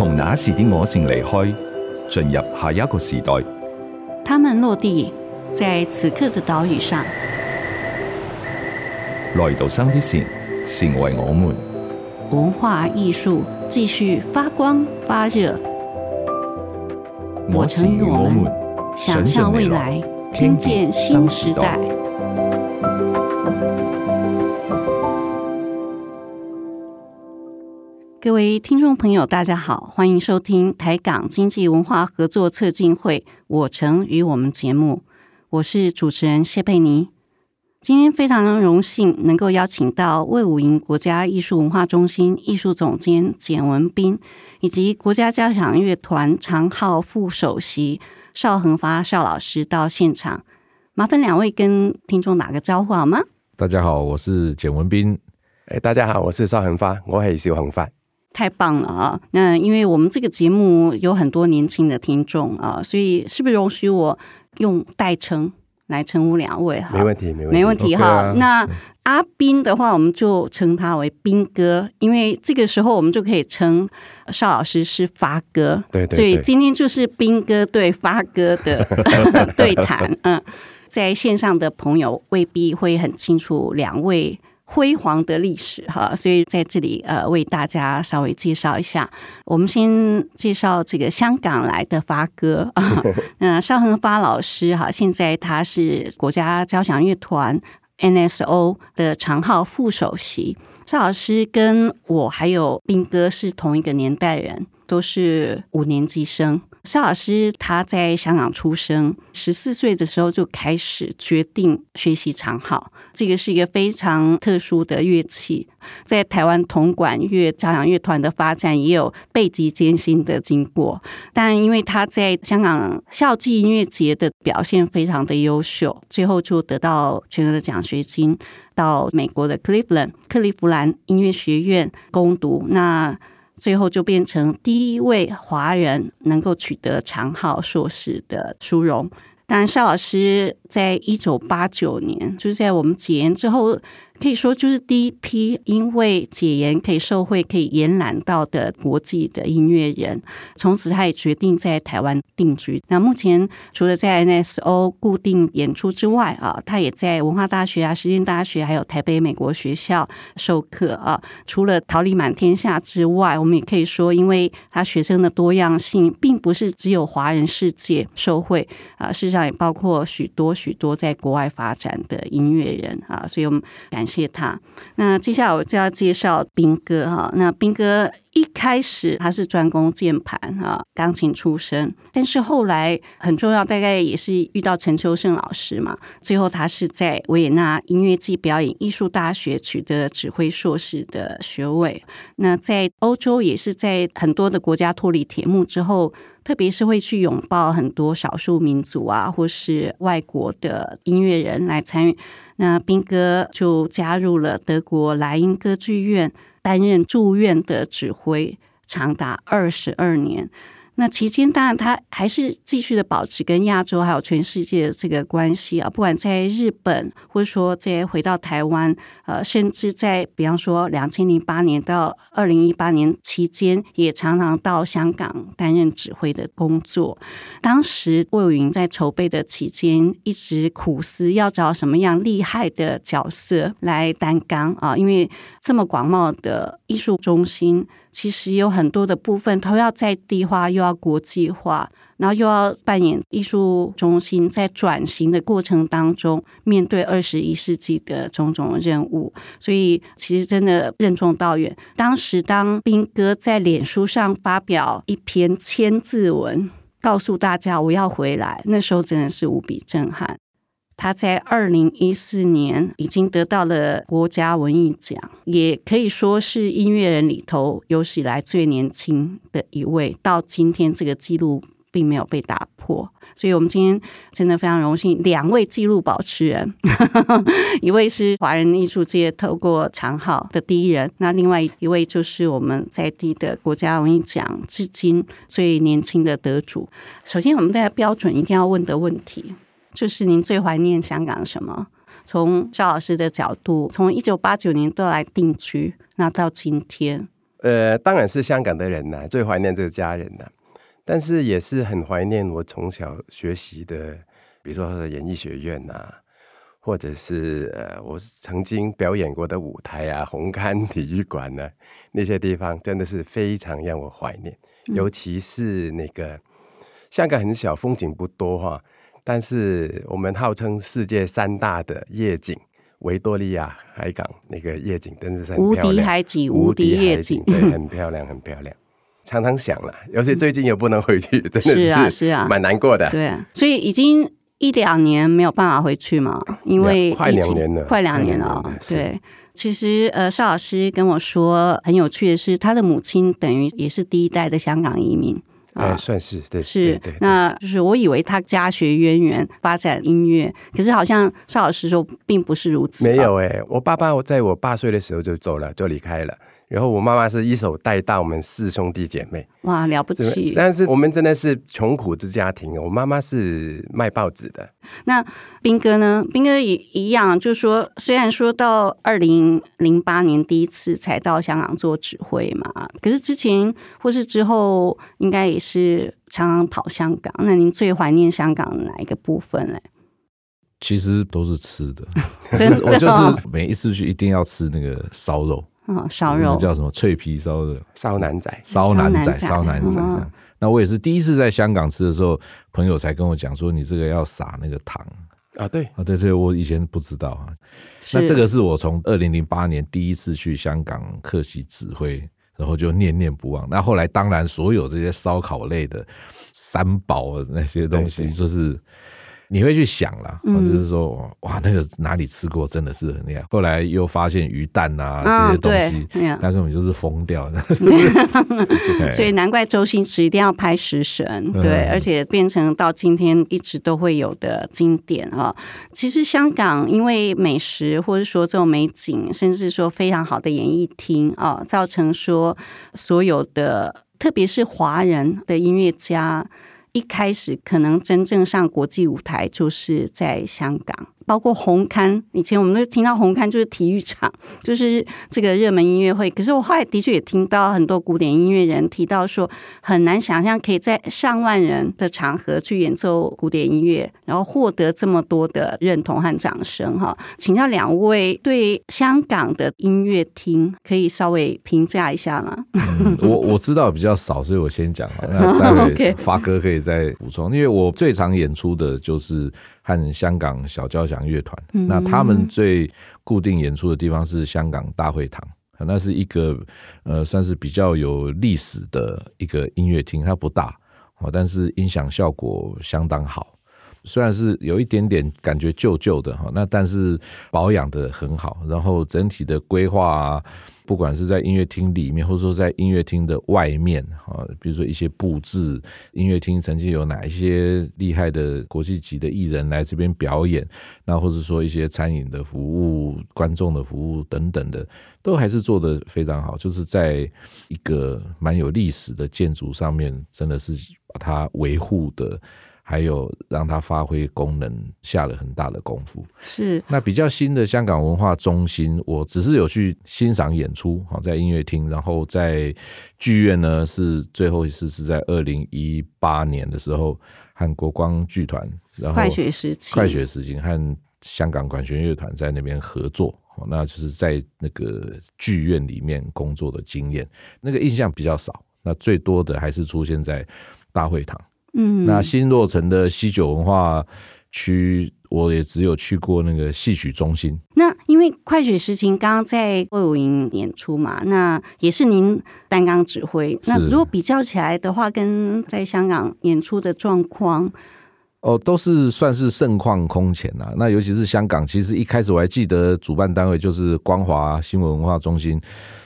從那時的我城離開，進入下一個時代。他們落地在此刻的島嶼上，來到生的城，成為我們。文化藝術繼續發光發熱。我城與我們，想象未來，聽見新時代。各位聽眾朋友，大家好，歡迎收聽台港經濟文化合作策進會我城與我們節目，我是主持人謝佩霓。今天非常榮幸能夠邀請到魏武營國家藝術文化中心藝術總監簡文彬，以及國家交響樂團長號副首席邵恆發邵老師到現場，麻煩兩位跟聽眾打個招呼好嗎？大家好，我是簡文彬。哎、欸，大家好，我是邵恆發，我係邵恆發。太棒了啊！那因為我們這個節目有很多年輕的聽眾啊，所以是不是容許我用代稱來稱呼兩位哈？沒問題，沒問題，沒問題哈。Okay 啊，那阿斌的話，我們就稱他為斌哥，嗯，因為這個時候我們就可以稱邵老師是發哥，對，對對。所以今天就是斌哥對發哥的 對談。嗯，在線上的朋友未必會很清楚兩位。輝煌的歷史哈，所以在這裡呃，為大家稍微介紹一下。我們先介紹這個香港來的發哥 啊，那邵恆發老師哈，現在他是國家交響樂團 N S O 的長號副首席。邵老師跟我還有彬哥是同一個年代人，都是五年級生。邵老師他在香港出生，十四歲的時候就開始決定學習長號。這個是一個非常特殊的樂器，在台灣銅管樂交響樂團的發展也有備極艱辛的經過。但因為他在香港校際音樂節的表現非常的優秀，最後就得到全額的獎學金到美國的克利夫蘭克利夫蘭音樂學院攻讀。那最後就變成第一位華人能夠取得長號碩士的殊榮。當然，邵老師在一九八九年，就是在我們結緣之後。可以說，就是第一批因為解嚴可以受惠、可以延攬到的國際的音樂人，從此他也決定在台灣定居。那目前除了在 NSO 固定演出之外，啊，他也在文化大學啊、實踐大學，還有台北美國學校授課啊。除了桃李滿天下之外，我們也可以說，因為他學生的多樣性，並不是只有華人世界受惠啊，事實上也包括許多許多在國外發展的音樂人啊，所以我們感謝。謝謝他。那接下來我就要介紹彬哥哈。那彬哥一開始他是專攻鍵盤哈，鋼琴出身。但是後來很重要，大概也是遇到陳秋盛老師嘛。最後他是在維也納音樂暨表演藝術大學取得指揮碩士的學位。那在歐洲也是在很多的國家脫離鐵幕之後。特別是會去擁抱很多少數民族啊，或是外國的音樂人來參與。那彬哥就加入了德國萊茵歌劇院，擔任駐院的指揮，長達二十二年。那期間，當然他還是繼續的保持跟亞洲還有全世界的這個關係啊，不管在日本，或者說再回到台灣，呃，甚至在比方說兩千零八年到二零一八年期間，也常常到香港擔任指揮的工作。當時衛武營在籌備的期間，一直苦思要找什麼樣厲害的角色來擔綱啊，因為這麼廣袤的藝術中心。其實有很多的部分，都要在地化，又要國際化，然後又要扮演藝術中心，在轉型的過程當中，面對二十一世紀的種種任務，所以其實真的任重道遠。當時當彬哥在臉書上發表一篇千字文，告訴大家我要回來，那時候真的是無比震撼。他在二零一四年已經得到了國家文藝獎，也可以說是音樂人裡頭有史以來最年輕的一位。到今天，這個紀錄並沒有被打破。所以，我們今天真的非常榮幸，兩位紀錄保持人， 一位是華人藝術界透過長號的第一人，那另外一位就是我們在地的國家文藝獎至今最年輕的得主。首先，我們大家標準一定要問的問題。就是您最懷念香港什麼？從邵老師的角度，從一九八九年到來定居，那到今天，呃，當然是香港的人吶、啊，最懷念這個家人吶、啊。但是也是很懷念我從小學習的，比如說演藝學院啊，或者是呃我曾經表演過的舞台啊，紅磡體育館呢、啊，那些地方真的是非常讓我懷念。嗯、尤其是那個香港很小，風景不多哈。但是我們號稱世界三大的夜景，維多利亞海港那個夜景，真的是很漂亮。無敵海景，無敵夜景，無敵海景，對，很漂亮， 很漂亮。常常想了，尤其最近也不能回去， 真的是啊，是啊，蠻難過的。對，所以已經一兩年沒有辦法回去嘛，因為、啊、快兩年了，快兩年了。年了對，是。其實呃，邵老師跟我說，很有趣的是，他的母親等於也是第一代的香港移民。哎，算是對，是，對對對，那就是我以為他家學淵源，發展音樂，可是好像邵老師說並不是如此。 沒有哎、欸，我爸爸在我八歲的時候就走了，就離開了。然後我媽媽是一手帶大我們四兄弟姐妹。哇，了不起！但是我們真的是窮苦之家庭，我媽媽是賣報紙的。那斌哥呢？斌哥也一樣，就是說，雖然說到二零零八年第一次才到香港做指揮嘛，可是之前或是之後，應該也是常常跑香港。那您最懷念香港的哪一個部分呢？其實都是吃的。 真的哦？我就是每一次去一定要吃那個燒肉。啊，燒、哦、肉、嗯、叫什麼？脆皮燒的燒腩仔、燒腩仔、燒腩仔。那我也是第一次在香港吃的時候，嗯、哼朋友才跟我講說，你這個要撒那個糖啊。對啊，對、對對，我以前不知道啊。是那這個是我從二零零八年第一次去香港客席指揮，然後就念念不忘。那後來當然，所有這些燒烤類的三寶那些東西，就是。對對對。你會去想啦，就是說哇，那個哪裡吃過真的是很厲害。後來又發現魚蛋吶、啊、這些東西，那根本就是瘋掉的。所以難怪周星馳一定要拍《食神》，對，嗯、對，而且變成到今天一直都會有的經典。其實香港因為美食，或者說這種美景，甚至說非常好的演藝廳啊，造成說所有的，特別是華人的音樂家。一開始可能真正上國際舞台，就是在香港。包括紅磡，以前我們都聽到紅磡就是體育場，就是這個熱門音樂會。可是我後來的確也聽到很多古典音樂人提到說，很難想象可以在上萬人的場合去演奏古典音樂，然後獲得這麼多的認同和掌聲。哈，請教兩位對香港的音樂廳可以稍微評價一下嗎？嗯，我我知道比較少，所以我先講嘛，那待會發哥可以再補充，因為我最常演出的就是。看香港小交響樂團，嗯、那他們最固定演出的地方是香港大會堂，那是一個呃，算是比較有歷史的一個音樂廳。它不大，但是音響效果相當好，雖然是有一點點感覺舊舊的哈，那但是保養得很好，然後整體的規劃、啊。不管是在音樂廳裡面，或者說在音樂廳的外面，啊，比如說一些布置，音樂廳曾經有哪一些厲害的國際級的藝人來這邊表演，那或者說一些餐飲的服務、觀眾的服務等等的，都還是做得非常好，就是在一個蠻有歷史的建築上面，真的是把它維護的。還有讓它發揮功能，下了很大的功夫。是那比較新的香港文化中心，我只是有去欣賞演出，好在音樂廳。然後在劇院呢，是最後一次是在二零一八年的時候，和國光劇團，然後快雪時晴，快雪時晴和香港管弦樂團在那邊合作。那就是在那個劇院裡面工作的經驗，那個印象比較少。那最多的還是出現在大會堂。嗯，那新落成的西九文化區，我也只有去過那個戲曲中心。那因為快雪時晴剛剛在衛武營演出嘛，那也是您擔綱指揮。是那如果比較起來的話，跟在香港演出的狀況，哦，都是算是盛況空前啊。那尤其是香港，其實一開始我還記得主辦單位就是光華新聞文化中心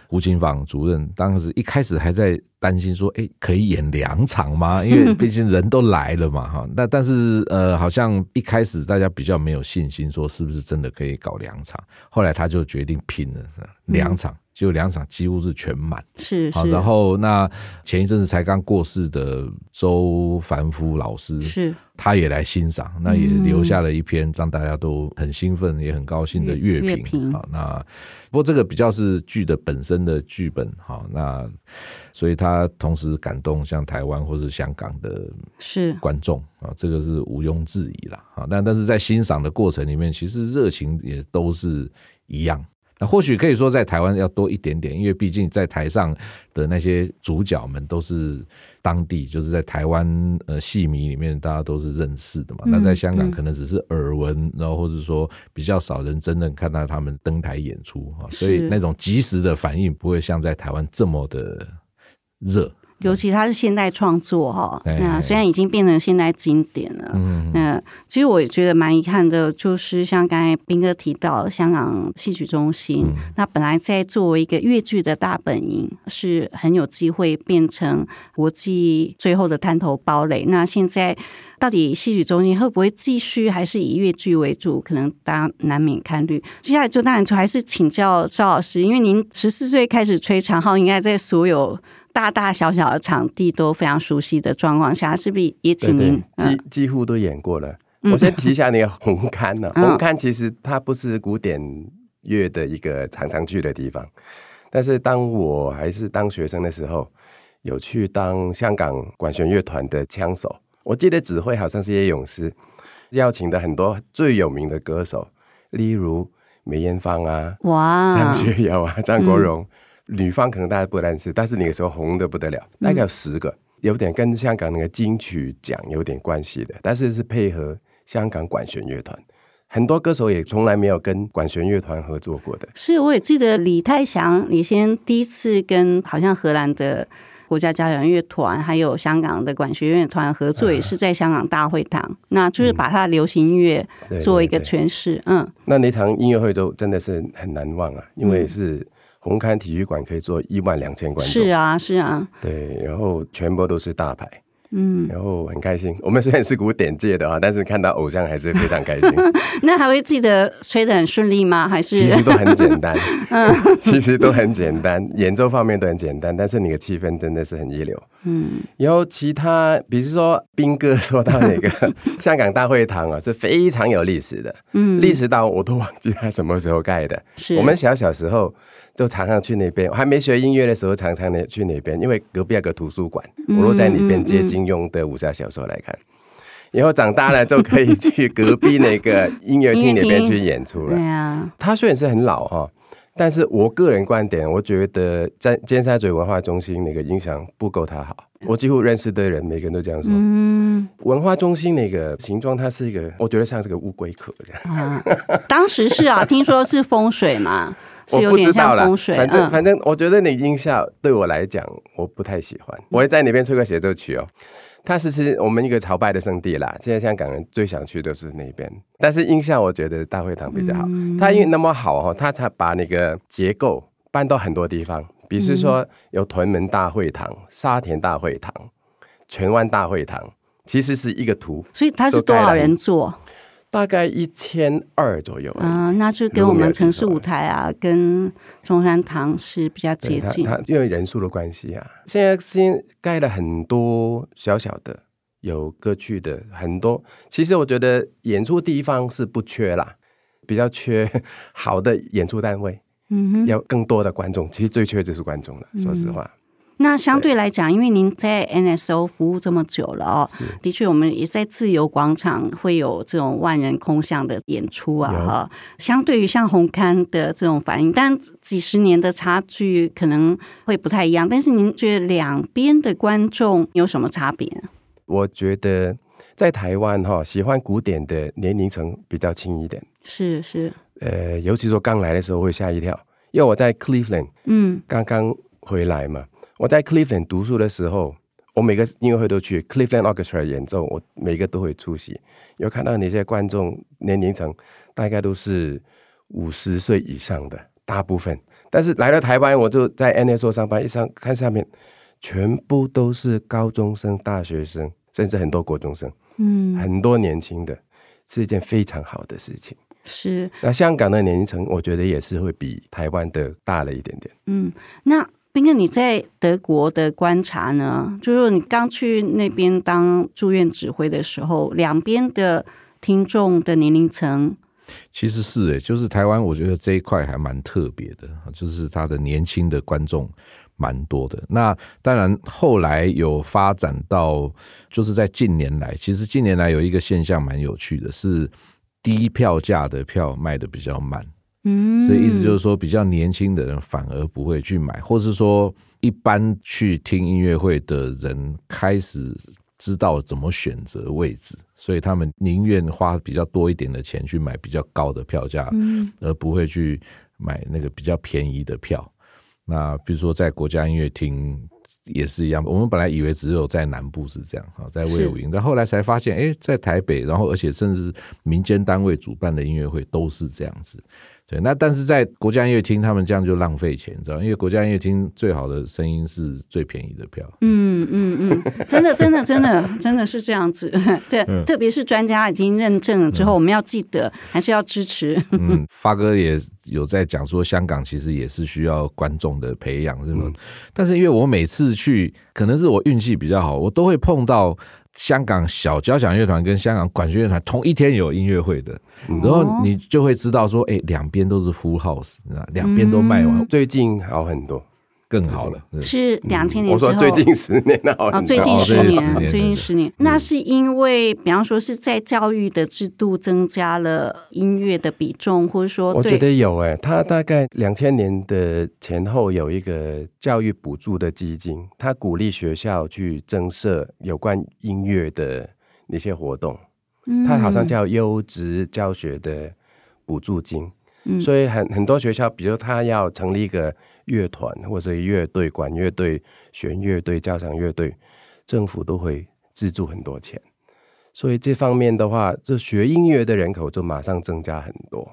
胡晴舫主任，當時一開始還在。擔心說，哎、欸，可以演兩場嗎？因為畢竟人都來了嘛，哈、嗯哼。那但，但是，呃，好像一開始大家比較沒有信心，說是不是真的可以搞兩場。後來他就決定拼了兩、嗯、場，就兩場幾乎是全滿。是是，嗯。然後，那前一陣子才剛過世的周凡夫老師，是他也來欣賞，嗯、哼那也留下了一篇讓大家都很興奮、也很高興的樂評。好，那不過這個比較是劇的本身的劇本。好，那。所以，他同時感動像台灣或是香港的觀眾啊，這個是毋庸置疑啦。啊。但但是在欣賞的過程裡面，其實熱情也都是一樣。那或許可以說，在台灣要多一點點，因為畢竟在台上的那些主角們都是當地，就是在台灣呃戲迷裡面大家都是認識的嘛。那在香港可能只是耳聞，然後或者說比較少人真正看到他們登台演出，所以那種即時的反應不會像在台灣這麼的。熱，The 尤其它是現代創作哈。嗯、那雖然已經變成現代經典了，嗯，其實我也覺得蠻遺憾的，就是像剛才彬哥提到香港戲曲中心，嗯、那本來在作為一個粵劇的大本營，是很有機會變成國際最後的灘頭堡壘。那現在到底戲曲中心會不會繼續還是以粵劇為主？可能大家難免看慮。接下來就當然就還是請教邵老師，因為您十四歲開始吹長號，應該在所有。大大小小的場地都非常熟悉的狀況下，是不是也請您對對幾幾乎都演過了？嗯、我先提一下那個紅磡呢、哦。 紅磡其實它不是古典樂的一個常常去的地方，但是當我還是當學生的時候，有去當香港管弦樂團的槍手。我記得指揮好像是葉詠詩，邀請的很多最有名的歌手，例如梅艷芳啊、哇張學友啊、張國榮。嗯女方可能大家不認識，但是那個時候紅得不得了，大概有十個，嗯、有點跟香港那個金曲獎有點關係的，但是是配合香港管弦樂團，很多歌手也從來沒有跟管弦樂團合作過的。是，我也記得李泰祥，李先第一次跟好像荷蘭的國家交響樂團，還有香港的管弦樂團合作，也是在香港大會堂，啊、那就是把他的流行音樂做一個詮釋。嗯，嗯、那那場音樂會就真的是很難忘啊，因為是。嗯紅磡體育館可以坐一萬兩千觀眾，是啊，是啊，對，然後全部都是大牌，嗯，然後很開心。我們雖然是古典界的啊，但是看到偶像還是非常開心。 那還會記得吹得很順利嗎？還是其實都很簡單？ 嗯，其實都很簡單，演奏方面都很簡單，但是你的氣氛真的是很一流，嗯。然後其他，比如說彬哥說到那個 香港大會堂啊，是非常有歷史的，嗯，歷史到我，我都忘記它什麼時候蓋的。是我們小小時候。就常常去那邊，我還沒學音樂的時候，常常去那邊，因為隔壁有個圖書館，嗯、我都在那邊借金庸的武俠小說來看。然、嗯、後長大了就可以去隔壁那個音樂廳 那邊去演出了。音音對他、啊、雖然是很老哈，但是我個人觀點，我覺得在尖沙咀文化中心那個音響不夠他好。我幾乎認識的人每個人都這樣說。嗯，文化中心那個形狀，它是一個，我覺得像是個烏龜殼這樣、啊。當時是啊， 聽說是風水嘛。 我不知道了，反正反正，嗯、反正我覺得你音效對我來講，我不太喜歡。嗯、我會在那邊吹個協奏曲哦、喔。它是是，我們一個朝拜的聖地啦。現在香港人最想去的是那邊，但是音效我覺得大會堂比較好。嗯、它因為那麼好哈，它才把那個結構搬到很多地方，比如說有屯門大會堂、沙田大會堂、荃灣大會堂，其實是一個圖。所以它是多少人坐？大概一千二左右。嗯、呃，那就跟我們城市舞台啊，嗯、跟中山堂是比較接近。對，因為人數的關係啊，現在新蓋了很多小小的有歌劇的很多。其實我覺得演出地方是不缺啦，比較缺好的演出單位。嗯哼。要更多的觀眾，其實最缺就是觀眾了。嗯、說實話。那相對來講，對因為您在 NSO 服務這麼久了哦，是的確，我們也在自由廣場會有這種萬人空巷的演出啊、哦，哈、嗯。相對於像紅磡的這種反應，但幾十年的差距可能會不太一樣。但是您覺得兩邊的觀眾有什麼差別？我覺得在台灣哈、哦，喜歡古典的年齡層比較輕一點。是是。是呃，尤其說剛來的時候會嚇一跳，因為我在 Cleveland，嗯，剛剛回來嘛。我在 Cleveland 讀書的時候，我每個音樂會都去 Cleveland Orchestra 演奏，我每個都會出席。有看到那些觀眾年齡層，大概都是五十歲以上的大部分，但是來到台灣，我就在 NSO 上班，一上看下面全部都是高中生、大學生，甚至很多國中生，嗯，很多年輕的，是一件非常好的事情。是。那香港的年齡層，我覺得也是會比台灣的大了一點點。嗯，那。彬哥，因為你在德國的觀察呢，就是你剛去那邊當駐院指揮的時候，兩邊的聽眾的年齡層，其實是誒、欸，就是台灣，我覺得這一塊還蠻特別的，就是他的年輕的觀眾蠻多的。那當然後來有發展到，就是在近年來，其實近年來有一個現象蠻有趣的，是低票價的票賣得比較慢。嗯，所以意思就是說，比較年輕的人反而不會去買，或是說一般去聽音樂會的人開始知道怎麼選擇位置，所以他們寧願花比較多一點的錢去買比較高的票價，而不會去買那個比較便宜的票。那比如說在國家音樂廳也是一樣，我們本來以為只有在南部是這樣啊，在衛武營，但後來才發現，哎，在台北，然後而且甚至民間單位主辦的音樂會都是這樣子。對，那但是在國家音樂廳，他們這樣就浪費錢，知道嗎？因為國家音樂廳最好的聲音是最便宜的票。嗯嗯嗯，真的真的真的 真的是這樣子。對，嗯、特別是專家已經認證了之後，我們要記得、嗯、還是要支持。嗯，發哥也有在講說，香港其實也是需要觀眾的培養，是嗎？嗯、但是因為我每次去，可能是我運氣比較好，我都會碰到。香港小交響樂團跟香港管弦樂團同一天有音樂會的，嗯、然後你就會知道說，哎、欸，兩邊都是 full house，你知道，兩邊都賣完。嗯、最近好很多。更好，好了，是兩千年之後、嗯。我說最近十年好，哦。最近十年，哦、最近十年，十年嗯、那是因為，比方說是在教育的制度增加了音樂的比重，或者說，對我覺得有哎、欸，他大概兩千年的前後有一個教育補助的基金，他鼓勵學校去增設有關音樂的那些活動，嗯、他好像叫優質教學的補助金，嗯、所以很很多學校，比如他要成立一個。樂團或者樂隊，管樂隊、弦樂隊、交響樂隊，政府都會資助很多錢，所以這方面的話，這學音樂的人口就馬上增加很多。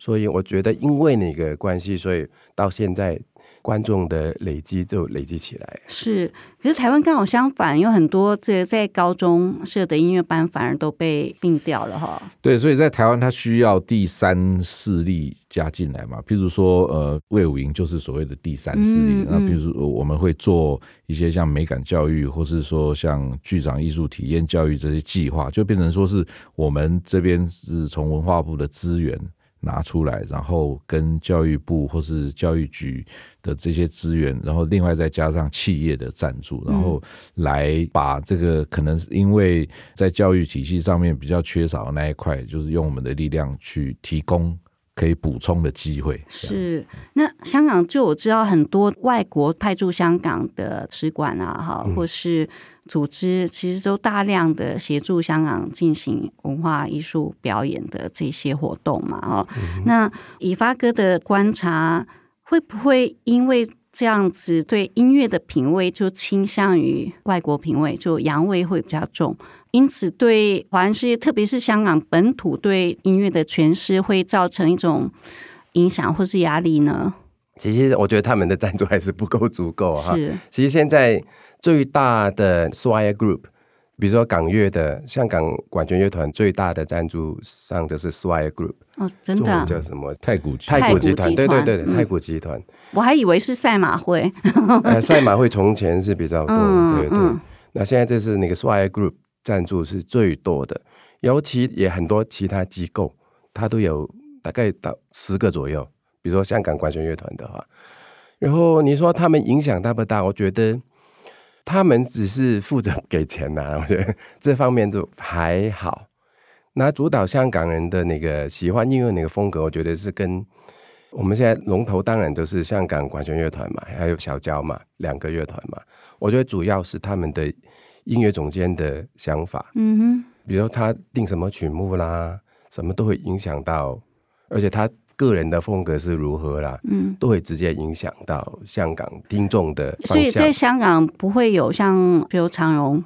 所以我覺得，因為那個關係，所以到現在。觀眾的累積就累積起來，是。可是台灣剛好相反，有很多在在高中設的音樂班反而都被併掉了哈。對，所以在台灣，它需要第三勢力加進來嘛？譬如說，呃，衛武營就是所謂的第三勢力。嗯、那譬如我們會做一些像美感教育，或是說像劇場藝術體驗教育這些計劃，就變成說是我們這邊是從文化部的資源。拿出來，然後跟教育部或是教育局的這些資源，然後另外再加上企業的贊助，然後來把這個可能是因為在教育體系上面比較缺少的那一塊，就是用我們的力量去提供。可以補充的機會是那香港，就我知道很多外國派駐香港的使館啊，哈，或是組織，其實都大量的協助香港進行文化藝術表演的這些活動嘛，哈、嗯哼，那以發哥的觀察，會不會因為這樣子對音樂的品味就傾向於外國品味，就洋味會比較重？因此對華人世界，對還是特別是香港本土對音樂的詮釋，會造成一種影響或是壓力呢？其實我覺得他們的贊助還是不夠足夠哈。是，其實現在最大的 Swire Group，比如說港樂的香港管弦樂團最大的贊助上就是 group, Swire Group。哦，真的，叫什麼太古集團？太古集團，對對對，太古集團。集團我還以為是賽馬會。 呃，賽馬會從前是比較多，嗯、對對。嗯、那現在這是那個 Swire Group。贊助是最多的，尤其也很多其他機構，他都有大概到十個左右。比如說香港管弦樂團的話，然後你說他們影響大不大？我覺得他們只是負責給錢吶、啊，我覺得這方面就還好。那主導香港人的那個喜歡音樂那個風格，我覺得是跟我們現在龍頭當然就是香港管弦樂團嘛，還有小交嘛，兩個樂團嘛。我覺得主要是他們的。音樂總監的想法，嗯哼，比如他定什麼曲目啦，什麼都會影響到，而且他個人的風格是如何啦，嗯，都會直接影響到香港聽眾的。所以在香港不會有像，比如長榮，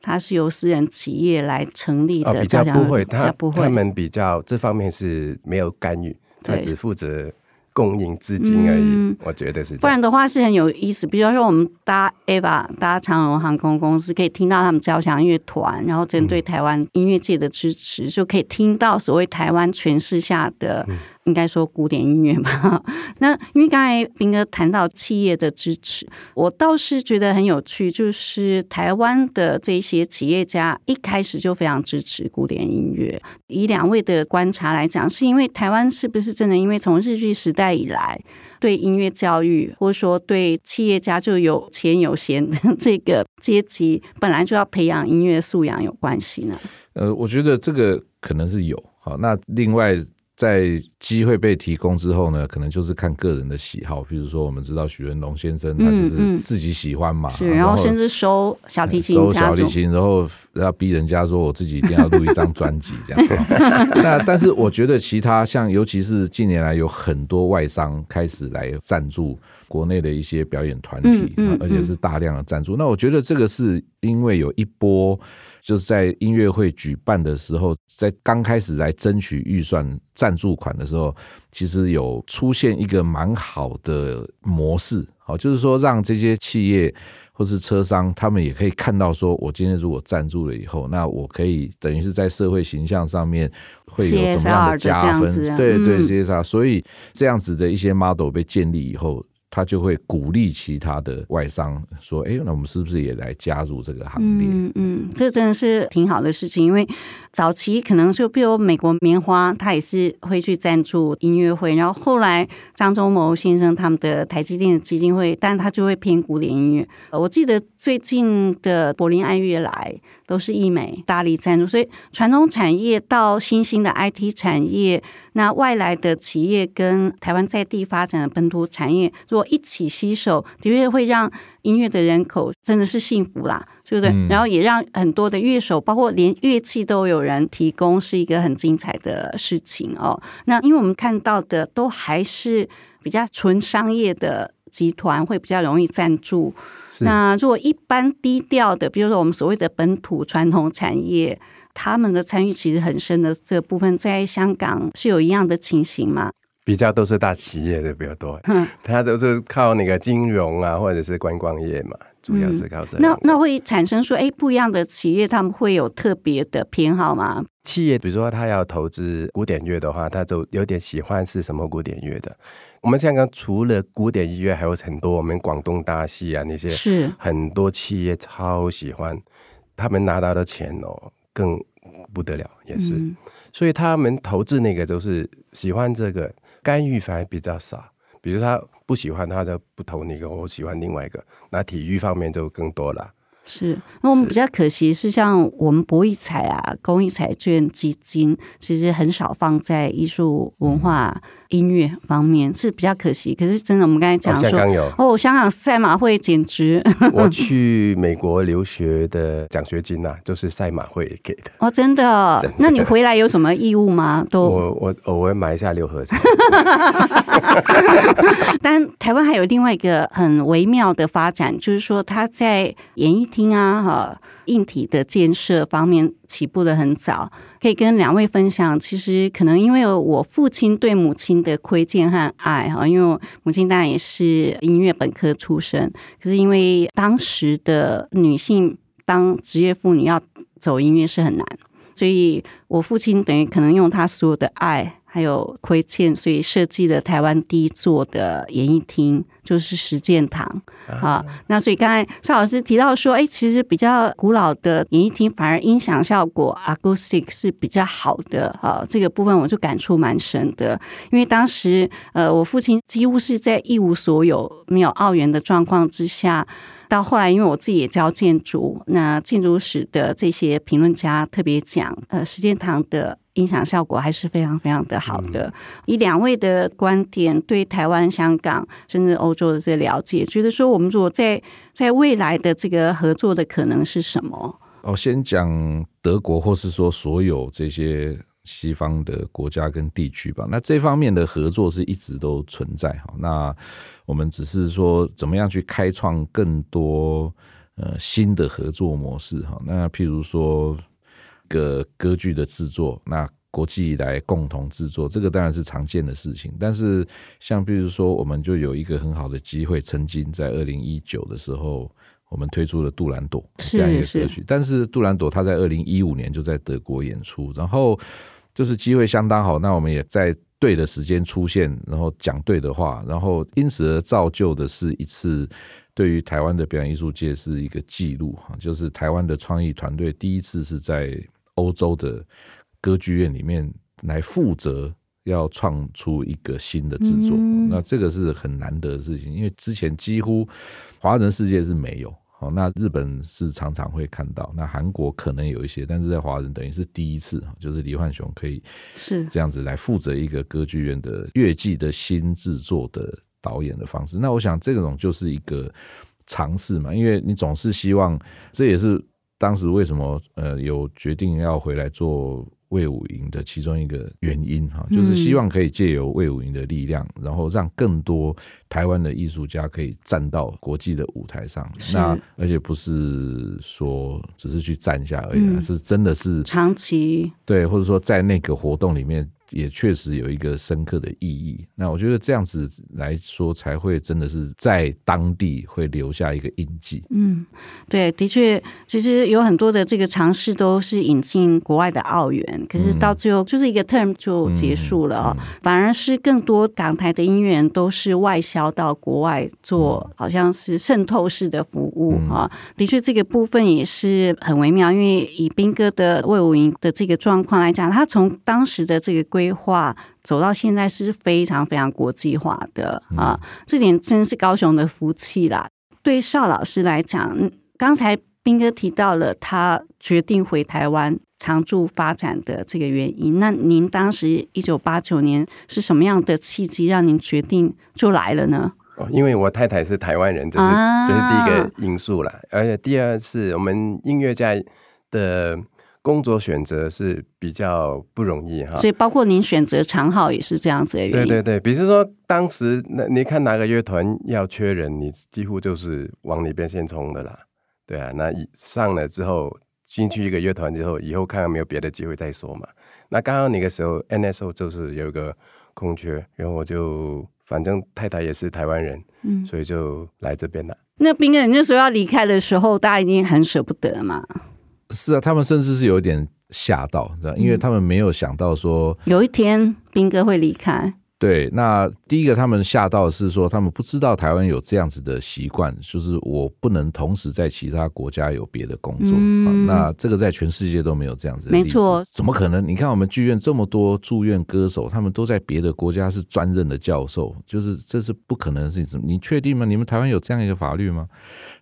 他是由私人企業來成立的，哦、比較不會，他，他他們比較這方面是沒有干預，他只負責。共贏資金而已，嗯、我覺得是這樣。不然的話是很有意思，比如說我們搭 EVA 搭長榮航空公司，可以聽到他們交響樂團，然後針對台灣音樂界的支持，嗯、就可以聽到所謂台灣詮釋下的。應該說古典音樂吧。那因為剛才斌哥談到企業的支持，我倒是覺得很有趣，就是台灣的這些企業家一開始就非常支持古典音樂。以兩位的觀察來講，是因為台灣是不是真的因為從日據時代以來，對音樂教育，或者說對企業家就有錢有閒這個階級，本來就要培養音樂素養有關係呢？呃，我覺得這個可能是有。好，那另外。在機會被提供之後呢，可能就是看個人的喜好。比如說，我們知道許文龍先生，他就是自己喜歡嘛，嗯嗯、然後甚至收小提琴，收小提琴，然後要逼人家說，我自己一定要錄一張專輯這樣。 那但是我覺得其他像，尤其是近年來有很多外商開始來贊助。國內的一些表演團體，嗯嗯嗯、而且是大量的贊助。那我覺得這個是因為有一波，就是在音樂會舉辦的時候，在剛開始來爭取預算贊助款的時候，其實有出現一個蠻好的模式，好，就是說讓這些企業或是車商，他們也可以看到，說我今天如果贊助了以後，那我可以等於是在社會形象上面會有怎麼樣的加分？對、嗯、對，謝謝啊。所以這樣子的一些 model 被建立以後。他就會鼓勵其他的外商說：“哎，那我們是不是也來加入這個行業？嗯嗯，這真的是挺好的事情，因為早期可能就比如美國棉花，他也是會去贊助音樂會，然後後來張忠謀先生他們的台積電的基金會，但他就會偏古典音樂。我記得最近的柏林愛樂來。都是義美大力贊助，所以傳統產業到新興的 IT 產業，那外來的企業跟台灣在地發展的本土產業，如果一起攜手，的確會讓音樂的人口真的是幸福啦，是不是？嗯、然後也讓很多的樂手，包括連樂器都有人提供，是一個很精彩的事情哦。那因為我們看到的都還是比較純商業的。集團會比較容易贊助。是那如果一般低調的，比如說我們所謂的本土傳統產業，他們的參與其實很深的這個部分，在香港是有一樣的情形嗎？比較都是大企業的比較多，他、嗯、都是靠那個金融啊，或者是觀光業嘛，主要是靠這個、嗯。那那會產生說，哎、欸，不一樣的企業他們會有特別的偏好嗎？企業比如說他要投資古典樂的話，他就有點喜歡是什麼古典樂的。我們香港除了古典音樂，還有很多我們廣東大戲啊那些，是很多企業超喜歡，是他們拿到的錢哦更不得了，也是，嗯、所以他們投資那個就是喜歡這個。干預反而比較少，比如他不喜歡，他不同的不投那個，我喜歡另外一個。那體育方面就更多了。是，那我們比較可惜是，像我們博弈彩啊、公益彩券基金，其實很少放在藝術文化。嗯音樂方面是比較可惜，可是真的，我們剛才講說，哦，香港有哦，香港賽馬會簡直，我去美國留學的獎學金啊，就是賽馬會給的。哦，真的？真的？那你回來有什麼義務嗎？都 我我偶爾買一下六合彩。但台灣還有另外一個很微妙的發展，就是說他在演藝廳啊，哈。硬體的建設方面起步的很早，可以跟兩位分享。其實可能因為我父親對母親的虧欠和愛啊，因為我母親當然也是音樂本科出身，可、就是因為當時的女性當職業婦女要走音樂是很難。所以，我父親等於可能用他所有的愛，還有虧欠，所以設計了台灣第一座的演藝廳，就是實踐堂。uh huh. 啊。那所以，剛才邵老師提到說誒，其實比較古老的演藝廳反而音響效果 （acoustic） 是比較好的啊。這個部分我就感觸蠻深的，因為當時呃，我父親幾乎是在一無所有、沒有奧援的狀況之下。到後來，因為我自己也教建築，那建築史的這些評論家特別講，呃，實踐堂的音響效果還是非常非常的好的。嗯、以兩位的觀點，對台灣、香港甚至歐洲的這個了解，覺得說我們如果在在未來的這個合作的可能是什麼？哦，先講德國，或是說所有這些西方的國家跟地區吧。那這方面的合作是一直都存在哈。那我們只是說怎麼樣去開創更多呃新的合作模式哈，那譬如說個歌劇的製作，那國際來共同製作，這個當然是常見的事情。但是像譬如說，我們就有一個很好的機會，曾經在二零一九的時候，我們推出了《杜蘭朵》這樣一個歌曲，是是但是《杜蘭朵》她在二零一五年就在德國演出，然後就是機會相當好。那我們也在，對的時間出現，然後講對的話，然後因此而造就的是一次對於台灣的表演藝術界是一個記錄哈，就是台灣的創意團隊第一次是在歐洲的歌劇院裡面來負責要創出一個新的制作，嗯，那這個是很難得的事情，因為之前幾乎華人世界是沒有。好，那日本是常常會看到，那韓國可能有一些，但是在華人等於是第一次，就是黎煥雄可以是這樣子來負責一個歌劇院的樂季的新製作的導演的方式。是那我想這種就是一個嘗試嘛，因為你總是希望，這也是當時為什麼呃有決定要回來做衛武營的其中一個原因哈，就是希望可以借由衛武營的力量，然後讓更多。台灣的藝術家可以站到國際的舞台上，是那而且不是說只是去站一下而已，嗯、是真的是長期，對，或者說在那個活動裡面也確實有一個深刻的意義。那我覺得這樣子來說，才會真的是在當地會留下一個印記。嗯，對，的確，其實有很多的這個嘗試都是引進國外的澳元，可是到最後、嗯、就是一個 term 就結束了。喔，嗯嗯、反而是更多港台的音樂人都是外銷。到國外做，好像是滲透式的服務、嗯、啊。的確，這個部分也是很微妙，因為以彬哥的衛武營的這個狀況來講，他從當時的這個規劃走到現在是非常非常國際化的啊。這點真是高雄的福氣啦。對邵老師來講，剛才彬哥提到了他決定回台灣，常駐發展的這個原因，那您當時一九八九年是什麼樣的契機讓您決定就來了呢？哦，因為我太太是台灣人，這是、啊、這是第一個因素啦。而且第二是，我們音樂家的工作選擇是比較不容易哈。所以包括您選擇長號也是這樣子的原因。對對對，比如說當時那你看哪個樂團要缺人，你幾乎就是往裡邊先衝的啦。對啊，那一上了之後。進去一個樂團之後，以後看看沒有別的機會再說嘛。那剛剛那個時候，NSO 就是有一個空缺，然後我就反正太太也是台灣人，嗯，所以就來這邊了。那彬哥你那時候要離開的時候，大家已經很捨不得嘛。是啊，他們甚至是有點嚇到，知道？因為他們沒有想到說、嗯、有一天彬哥會離開。對，那第一個他們嚇到的是說，他們不知道台灣有這樣子的習慣，就是我不能同時在其他國家有別的工作，嗯啊。那這個在全世界都沒有這樣子。沒錯，怎麼可能？你看我們劇院這麼多駐院歌手，他們都在別的國家是專任的教授，就是這是不可能的事情。你確定嗎？你們台灣有這樣一個法律嗎？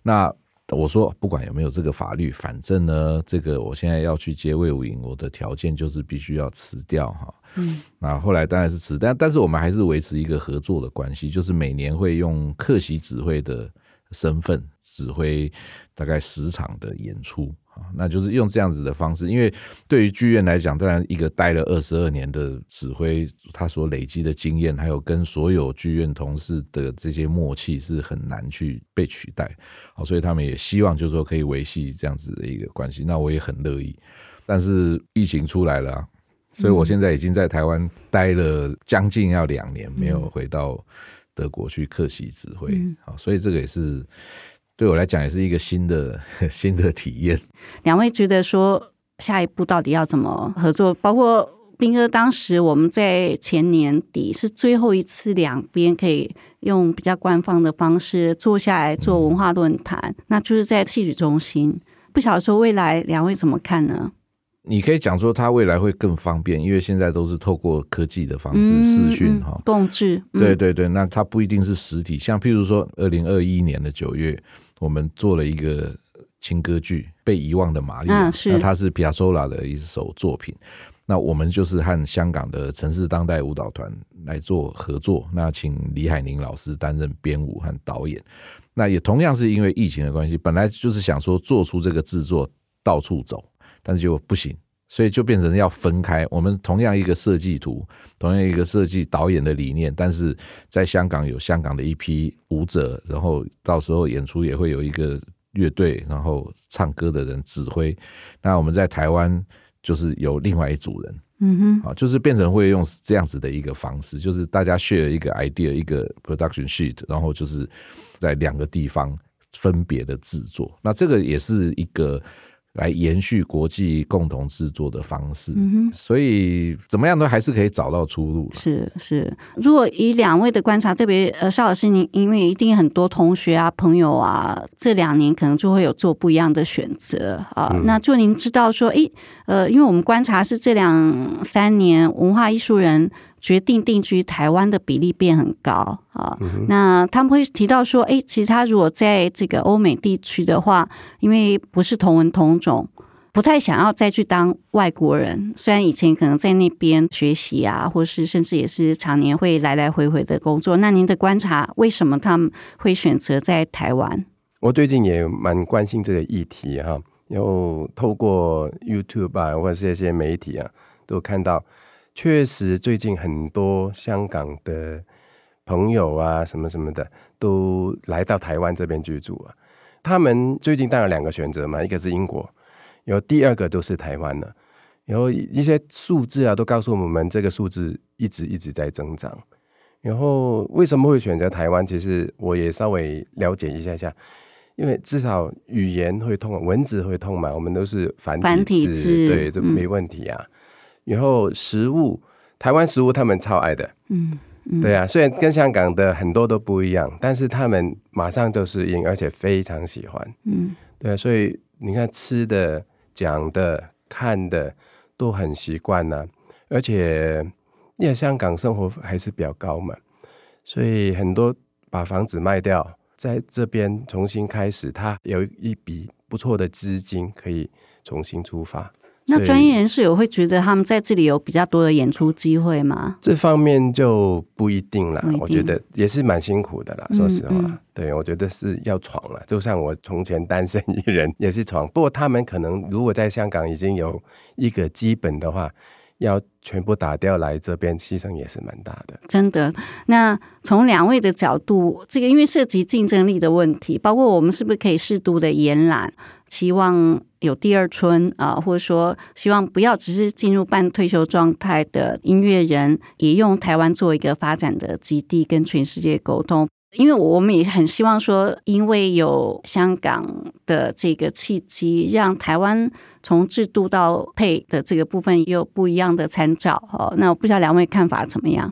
那。我說，不管有沒有這個法律，反正呢，這個我現在要去接衛武營，我的條件就是必須要辭掉哈。嗯，那後來當然是辭，但但是我們還是維持一個合作的關係，就是每年會用客席指揮的身份指揮大概十場的演出。啊，那就是用這樣子的方式，因為對於劇院來講，當然一個待了二十二年的指揮，他所累積的經驗，還有跟所有劇院同事的這些默契是很難去被取代。好，所以他們也希望，就是說可以維繫這樣子的一個關係。那我也很樂意，但是疫情出來了啊，所以我現在已經在台灣待了將近要兩年，沒有回到德國去客席指揮。所以這個也是。對我來講也是一個新的新的體驗。兩位覺得說下一步到底要怎麼合作？包括斌哥，當時我們在前年底是最後一次兩邊可以用比較官方的方式坐下來做文化論壇，嗯、那就是在戲曲中心。不曉得說未來兩位怎麼看呢？你可以講說，它未來會更方便，因為現在都是透過科技的方式視訊哈，共治、嗯。嗯、對對對，那它不一定是實體，嗯、像譬如說，二零二一年的九月，我們做了一個輕歌劇《被遺忘的瑪麗》嗯，那它是 Piazzolla 的一首作品。那我們就是和香港的城市當代舞蹈團來做合作，那請李海寧老師擔任編舞和導演。那也同樣是因為疫情的關係，本來就是想說做出這個制作到處走。但是就不行，所以就變成要分開。我們同樣一個設計圖，同樣一個設計導演的理念，但是在香港有香港的一批舞者，然後到時候演出也會有一個樂隊，然後唱歌的人指揮。那我們在台灣就是有另外一組人，嗯嗯，啊，就是變成會用這樣子的一個方式，就是大家 share 一個 idea，一個 production sheet，然後就是在兩個地方分別的製作。那這個也是一個。來延續國際共同制作的方式，嗯哼，所以怎麼樣都還是可以找到出路。是是，如果以兩位的觀察，特別呃，邵老師您，因為一定很多同學啊、朋友啊，這兩年可能就會有做不一樣的選擇啊。呃嗯，那就您知道說，哎，呃，因為我們觀察是這兩三年文化藝術人。決定定居台灣的比例變很高啊！嗯、哼那他們會提到說：“欸、其實他如果在這個歐美地區的話，因為不是同文同種，不太想要再去當外國人。雖然以前可能在那邊學習啊，或是甚至也是常年會來來回回的工作。那您的觀察，為什麼他們會選擇在台灣？”我最近也蠻關心這個議題哈、啊，然後透過 YouTube 啊，或者是一些媒體啊，都看到。確實，最近很多香港的朋友啊，什麼什麼的，都來到台灣這邊居住啊。他們最近當然有兩個選擇嘛，一個是英國，然後第二個就是台灣了。然後一些數字啊，都告訴我們這個數字一直一直在增長。然後為什麼會選擇台灣？其實我也稍微了解一下下，因為至少語言會通，文字會通嘛，我們都是繁體字，繁體字，對，這沒問題啊。嗯然後食物，台灣食物他們超愛的，嗯，嗯對呀、啊，雖然跟香港的很多都不一樣，但是他們馬上就適應，而且非常喜歡，嗯，對、啊，所以你看吃的、講的、看的都很習慣啊，而且因為香港生活還是比較高嘛，所以很多把房子賣掉，在這邊重新開始，他有一筆不錯的資金可以重新出發。那專業人士有會覺得他們在這裡有比較多的演出機會嗎？這方面就不一定了。不一定。我覺得也是蠻辛苦的啦，說實話。嗯嗯、對，我覺得是要闖了。就像我從前單身一人也是闖，不過他們可能如果在香港已經有一個基本的話，要全部打掉來這邊，犧牲也是蠻大的。真的，那從兩位的角度，這個因為涉及競爭力的問題，包括我們是不是可以適度的延攬？希望有第二春啊，或者說希望不要只是進入半退休狀態的音樂人，也用台灣作為一個發展的基地，跟全世界溝通。因為我們也很希望說，因為有香港的這個契機，讓台灣從製度到配的這個部分也有不一樣的參照。哈，那我不知道兩位看法怎麼樣？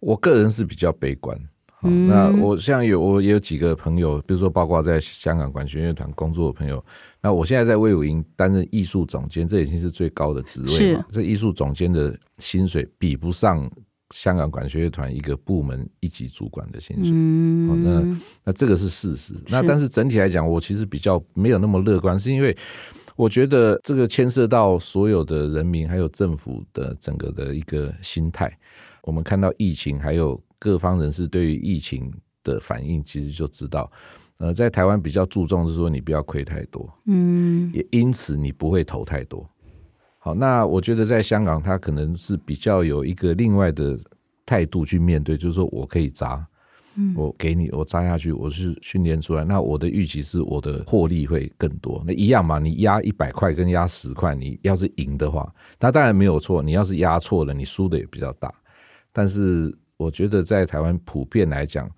我個人是比較悲觀。哦、那我像有我也有幾個朋友，比如說包括在香港管弦樂團工作的朋友。那我現在在衛武營擔任藝術總監，這已經是最高的職位了。是這藝術總監的薪水比不上香港管弦樂團一個部門一級主管的薪水。嗯、哦那，那這個是事實。是那但是整體來講，我其實比較沒有那麼樂觀，是因為我覺得這個牽涉到所有的人民，還有政府的整個的一個心態。我們看到疫情還有。各方人士對於疫情的反應，其實就知道，呃，在台灣比較注重是說你不要虧太多，嗯，也因此你不會投太多。好，那我覺得在香港，他可能是比較有一個另外的態度去面對，就是說我可以砸，嗯，我給你，我砸下去，我是訓練出來，那我的預期是我的獲利會更多。那一樣嘛，你壓一百塊跟壓十塊，你要是贏的話，那當然沒有錯。你要是壓錯了，你輸的也比較大，但是。我覺得在台灣普遍來講，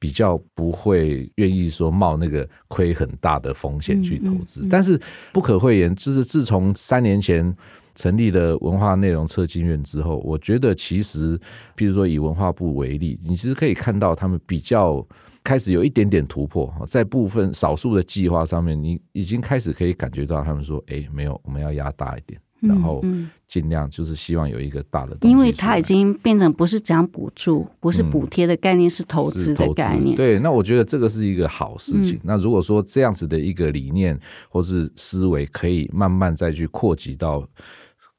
比較不會願意說冒那個虧很大的風險去投資。嗯嗯嗯、但是不可諱言，就是自從三年前成立了文化內容策進院之後，我覺得其實，比如說以文化部為例，你其實可以看到他們比較開始有一點點突破，在部分少數的計劃上面，你已經開始可以感覺到他們說：“哎、欸，沒有，我們要壓大一點。”然後盡量就是希望有一個大的東西，因為它已經變成不是講補助，不是補貼的概念，嗯、是投資的概念。對，那我覺得這個是一個好事情。嗯、那如果說這樣子的一個理念或是思維可以慢慢再去擴及到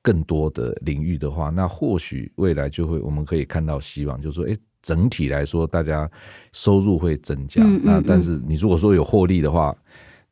更多的領域的話，那或許未來就會我們可以看到希望，就是說，誒，整體來說大家收入會增加。嗯嗯嗯，那但是你如果說有獲利的話，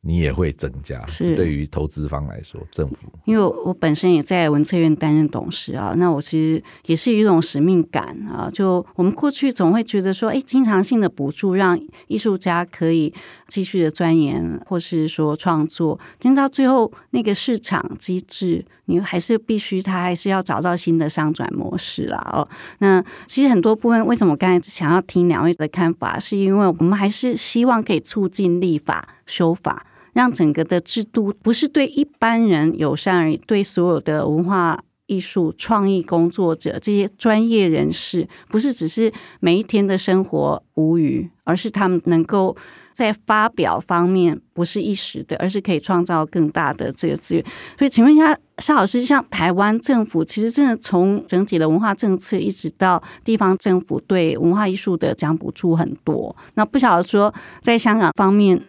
你也會增加，是對於投資方來說，政府，因為我本身也在文策院擔任董事啊，那我其實也是一種使命感啊。就我們過去總會覺得說，哎，經常性的補助讓藝術家可以繼續的鑽研或是說創作，但到最後那個市場機制，你還是必須他還是要找到新的商轉模式啦。哦。那其實很多部分，為什麼我剛才想要聽兩位的看法，是因為我們還是希望可以促進立法修法。讓整個的制度不是對一般人友善而已，對所有的文化藝術創意工作者這些專業人士，不是只是每一天的生活無虞，而是他們能夠在發表方面不是一時的，而是可以創造更大的這個資源。所以，請問一下邵老師，像台灣政府其實真的從整體的文化政策一直到地方政府對文化藝術的獎補助很多，那不曉得說在香港方面。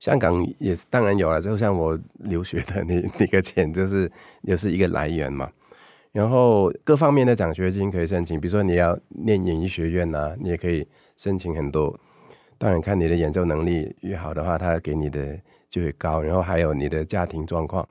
香港也是當然有了，就像我留學的那那個錢，就是也是一個來源嘛。然後各方面的獎學金可以申請，比如說你要念演藝學院啊，你也可以申請很多。當然看你的演奏能力越好的話，他給你的就越高。然後還有你的家庭狀況。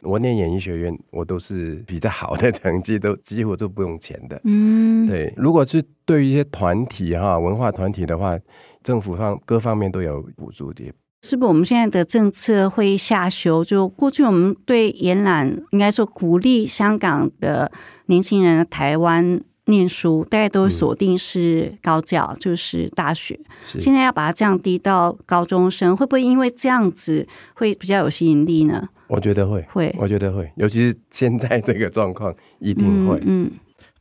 我念演藝學院，我都是比較好的成績，都幾乎都不用錢的。嗯，對。如果是對於一些團體哈、啊，文化團體的話，政府方各方面都有補助的。是不是我們現在的政策會下修？就過去我們對延攬，應該說鼓勵香港的年輕人的台灣念書，大概都會鎖定是高教，嗯、就是大學。是現在要把它降低到高中生，會不會因為這樣子會比較有吸引力呢？我覺得會，會，我覺得會，尤其是現在這個狀況，一定會。嗯。嗯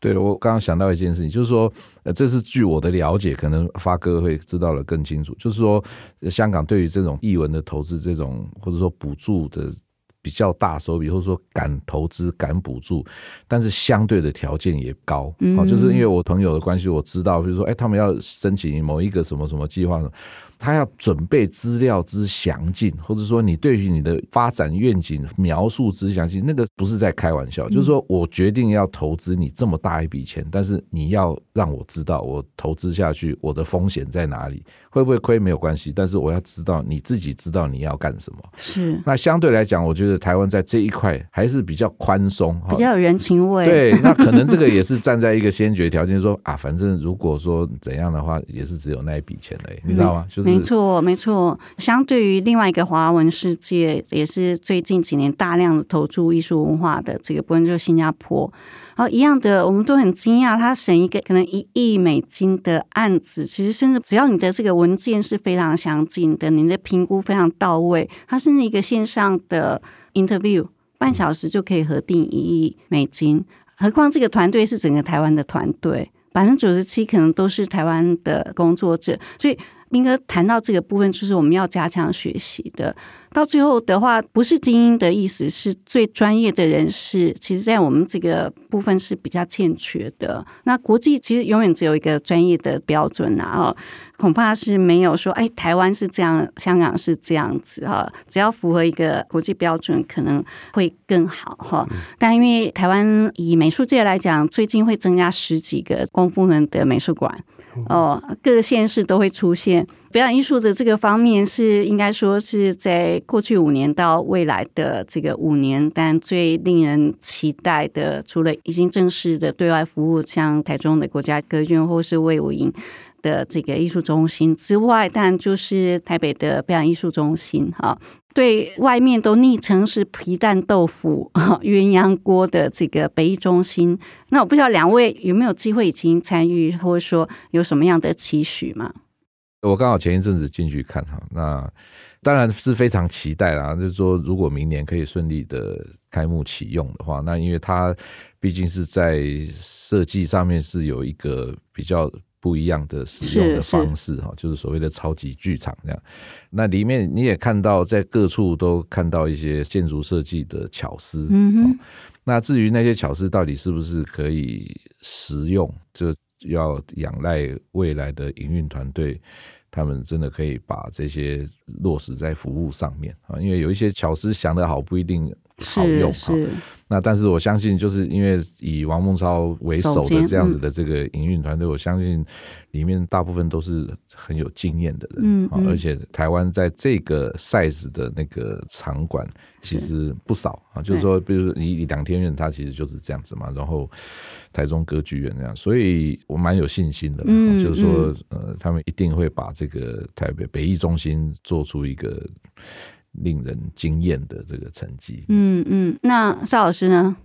對了，我剛剛想到一件事情，就是說，呃，這是據我的了解，可能發哥會知道的更清楚。就是說，呃、香港對於這種藝文的投資，這種或者說補助的比較大手筆，或者說敢投資、敢補助，但是相對的條件也高。嗯，嗯、哦，就是因為我朋友的關係，我知道，比如說，哎，他們要申請某一個什麼什麼計劃麼。他要準備資料之詳盡，或者說你對於你的發展願景描述之詳盡，那個不是在開玩笑，就是說我決定要投資你這麼大一筆錢，但是你要讓我知道，我投資下去我的風險在哪裡，會不會虧沒有關係，但是我要知道你自己知道你要幹什麼。是。那相對來講，我覺得台灣在這一塊還是比較寬鬆，比較有人情味。 對，那可能這個也是站在一個先決條件，就是說，啊，反正如果說怎樣的話，也是只有那一筆錢的，你知道嗎？就是。沒錯，沒錯。相對於另外一個華文世界，也是最近幾年大量的投注藝術文化的這個，不就是新加坡。然後，一樣的，我們都很驚訝。他審一個可能一億美金的案子，其實甚至只要你的這個文件是非常詳盡的，你的評估非常到位，它甚至一個線上的 interview 半小時就可以核定一億美金。何況這個團隊是整個台灣的團隊，百分之九十七可能都是台灣的工作者，所以。彬哥談到這個部分，就是我們要加強學習的。到最後的話，不是精英的意思，是最專業的人士。其實，在我們這個部分是比較欠缺的。那國際其實永遠只有一個專業的標準啊，哦，恐怕是沒有說，哎，台灣是這樣，香港是這樣子啊。只要符合一個國際標準，可能會更好哈。但因為台灣以美術界來講，最近會增加十幾個公部門的美術館，哦，各縣市都會出現。表演藝術的這個方面是應該說是在過去五年到未來的這個五年，當然最令人期待的，除了已經正式的對外服務，像台中的國家歌劇院或是衛武營的這個藝術中心之外，當然就是台北的表演藝術中心，哈，對外面都昵稱是皮蛋豆腐鴛鴦鍋的這個北藝中心，那我不知道兩位有沒有機會已經參與，或者說有什麼樣的期許嗎？我剛好前一陣子進去看哈，那當然是非常期待啦，就是說，如果明年可以順利的開幕啟用的話，那因為它畢竟是在設計上面是有一個比較不一樣的使用的方式哈，是，是。就是所謂的超級劇場那樣。那裡面你也看到，在各處都看到一些建築設計的巧思。嗯哼。哦，那至於那些巧思到底是不是可以實用，就要仰賴未來的營運團隊，他們真的可以把這些落實在服務上面啊，因為有一些巧思想得好，不一定。好用哈，是是，那但是我相信，就是因為以王孟超為首的這樣子的這個營運團隊，我相信裡面大部分都是很有經驗的人，嗯，嗯而且台灣在這個 size 的那個場館其實不少啊，是就是說，比如說你兩廳院，它其實就是這樣子嘛，然後台中歌劇院那樣，所以我蠻有信心的，嗯嗯、就是說，呃，他們一定會把這個台北北藝中心做出一個。令人驚艷的這個成績，嗯嗯，那邵老師呢？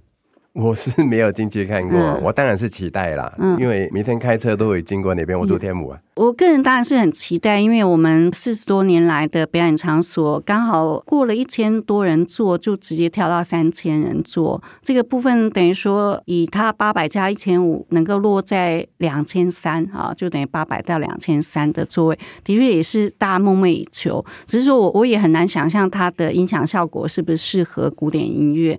我是沒有進去看過，我當然是期待啦，因為每天開車都會經過那邊，我住天母啊。我個人當然是很期待，因為我們四十多年來的表演場所剛好過了一千多人座，就直接跳到三千人座。這個部分等於說以他，以它八百加一千五能夠落在兩千三啊，就等於八百到兩千三的座位，的確也是大家夢寐以求。只是說我我也很難想象它的音響效果是不是適合古典音樂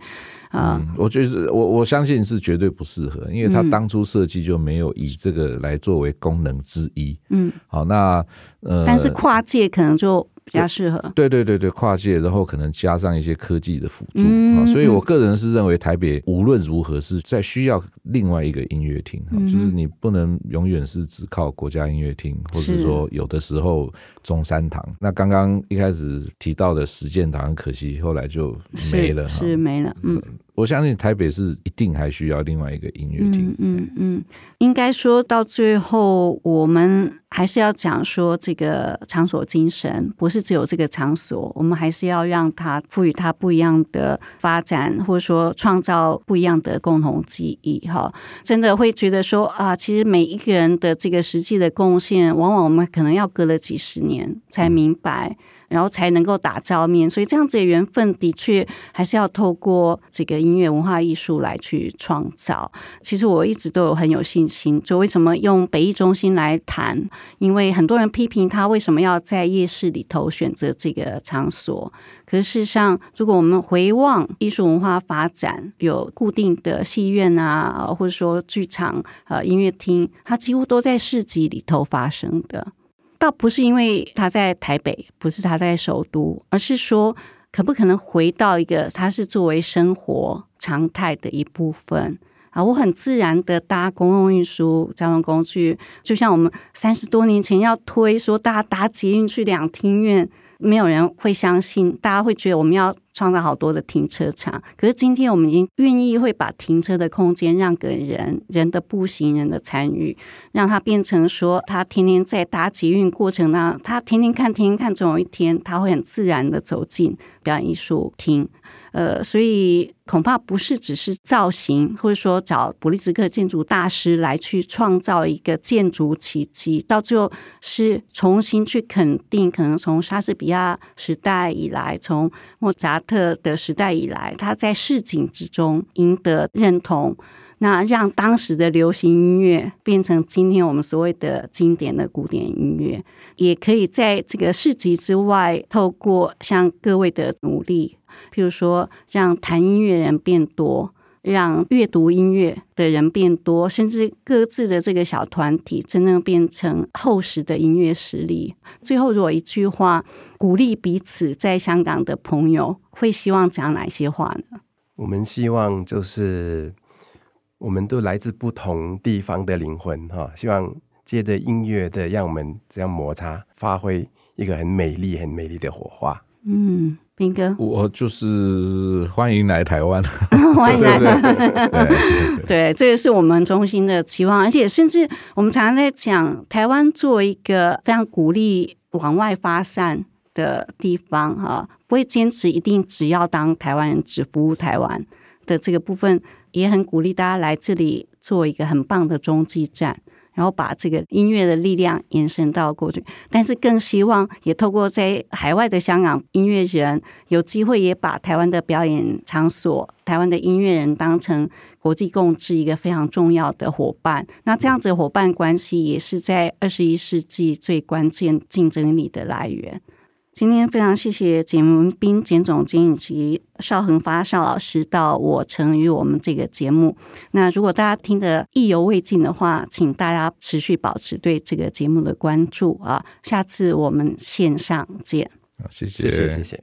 啊。嗯，我覺得我我相信是絕對不適合，因為它當初設計就沒有以這個來作為功能之一。嗯，好，那呃，但是跨界可能就比較適合。對對對對，跨界，然後可能加上一些科技的輔助啊。嗯，所以我個人是認為，台北無論如何是在需要另外一個音樂廳，嗯，就是你不能永遠是只靠國家音樂廳，嗯，或者是說有的時候中山堂。是。那剛剛一開始提到的實踐堂，可惜後來就沒了，是，是沒了，嗯。嗯我相信台北是一定還需要另外一個音樂廳，嗯。嗯嗯，應該說到最後，我們還是要講說這個場所精神，不是只有這個場所，我們還是要讓它賦予它不一樣的發展，或者說創造不一樣的共同記憶。哈，真的會覺得說啊，其實每一個人的這個實際的貢獻，往往我們可能要隔了幾十年才明白。嗯然後才能夠打照面，所以這樣子的緣分的確還是要透過這個音樂文化藝術來去創造。其實我一直都有很有信心，就為什麼用北藝中心來談？因為很多人批評他為什麼要在夜市裡頭選擇這個場所，可是事實上，如果我們回望藝術文化發展，有固定的戲院啊，或者說劇場啊、呃、音樂廳，它幾乎都在市集裡頭發生的。倒不是因為他在台北，不是他在首都，而是說可不可能回到一個，它是作為生活常態的一部分啊。我很自然的搭公共運輸交通工具，就像我們三十多年前要推說大家搭捷運去兩廳院，沒有人會相信，大家會覺得我們要。創造好多的停車場，可是今天我們已經願意會把停車的空間讓給人，人的步行，人的參與，讓它變成說他天天在搭捷運過程當中，他天天看，天天看，總有一天他會很自然的走進表演藝術廳。呃，所以恐怕不是只是造型，或者說找普利茲克建築大師來去創造一個建築奇蹟，到最後是重新去肯定，可能從莎士比亞時代以來，從莫扎特的時代以來，他在市井之中贏得認同，那讓當時的流行音樂變成今天我們所謂的經典的古典音樂，也可以在這個市集之外，透過像各位的努力。譬如說，讓彈音樂的人變多，讓閱讀音樂的人變多，甚至各自的這個小團體真正變成厚實的音樂實力。最後，如果一句話鼓勵彼此，在香港的朋友會希望講哪些話呢？我們希望就是，我們都來自不同地方的靈魂哈，希望借着音樂的，讓我們這樣摩擦，發揮一個很美麗、很美麗的火花。嗯。斌哥，我就是歡迎來台灣， 歡迎來 對。對，對對對對，這也是我們衷心的期望，而且甚至我們常常在講，台灣作為一個非常鼓勵往外發散的地方哈，不會堅持一定只要當台灣人，只服務台灣的這個部分，也很鼓勵大家來這裡做一個很棒的中繼站。然後把這個音樂的力量延伸到過去，但是更希望也透過在海外的香港音樂人有機會，也把台灣的表演場所、台灣的音樂人當成國際共治一個非常重要的夥伴。那這樣子的夥伴關係也是在二十一世紀最關鍵競爭力的來源。今天非常謝謝簡文彬、簡總、經理及、邵恆發、邵老師到我城與我們這個節目。那如果大家聽得意猶未盡的話，請大家持續保持對這個節目的關注啊！下次我們線上見。好，謝謝，謝謝，謝謝。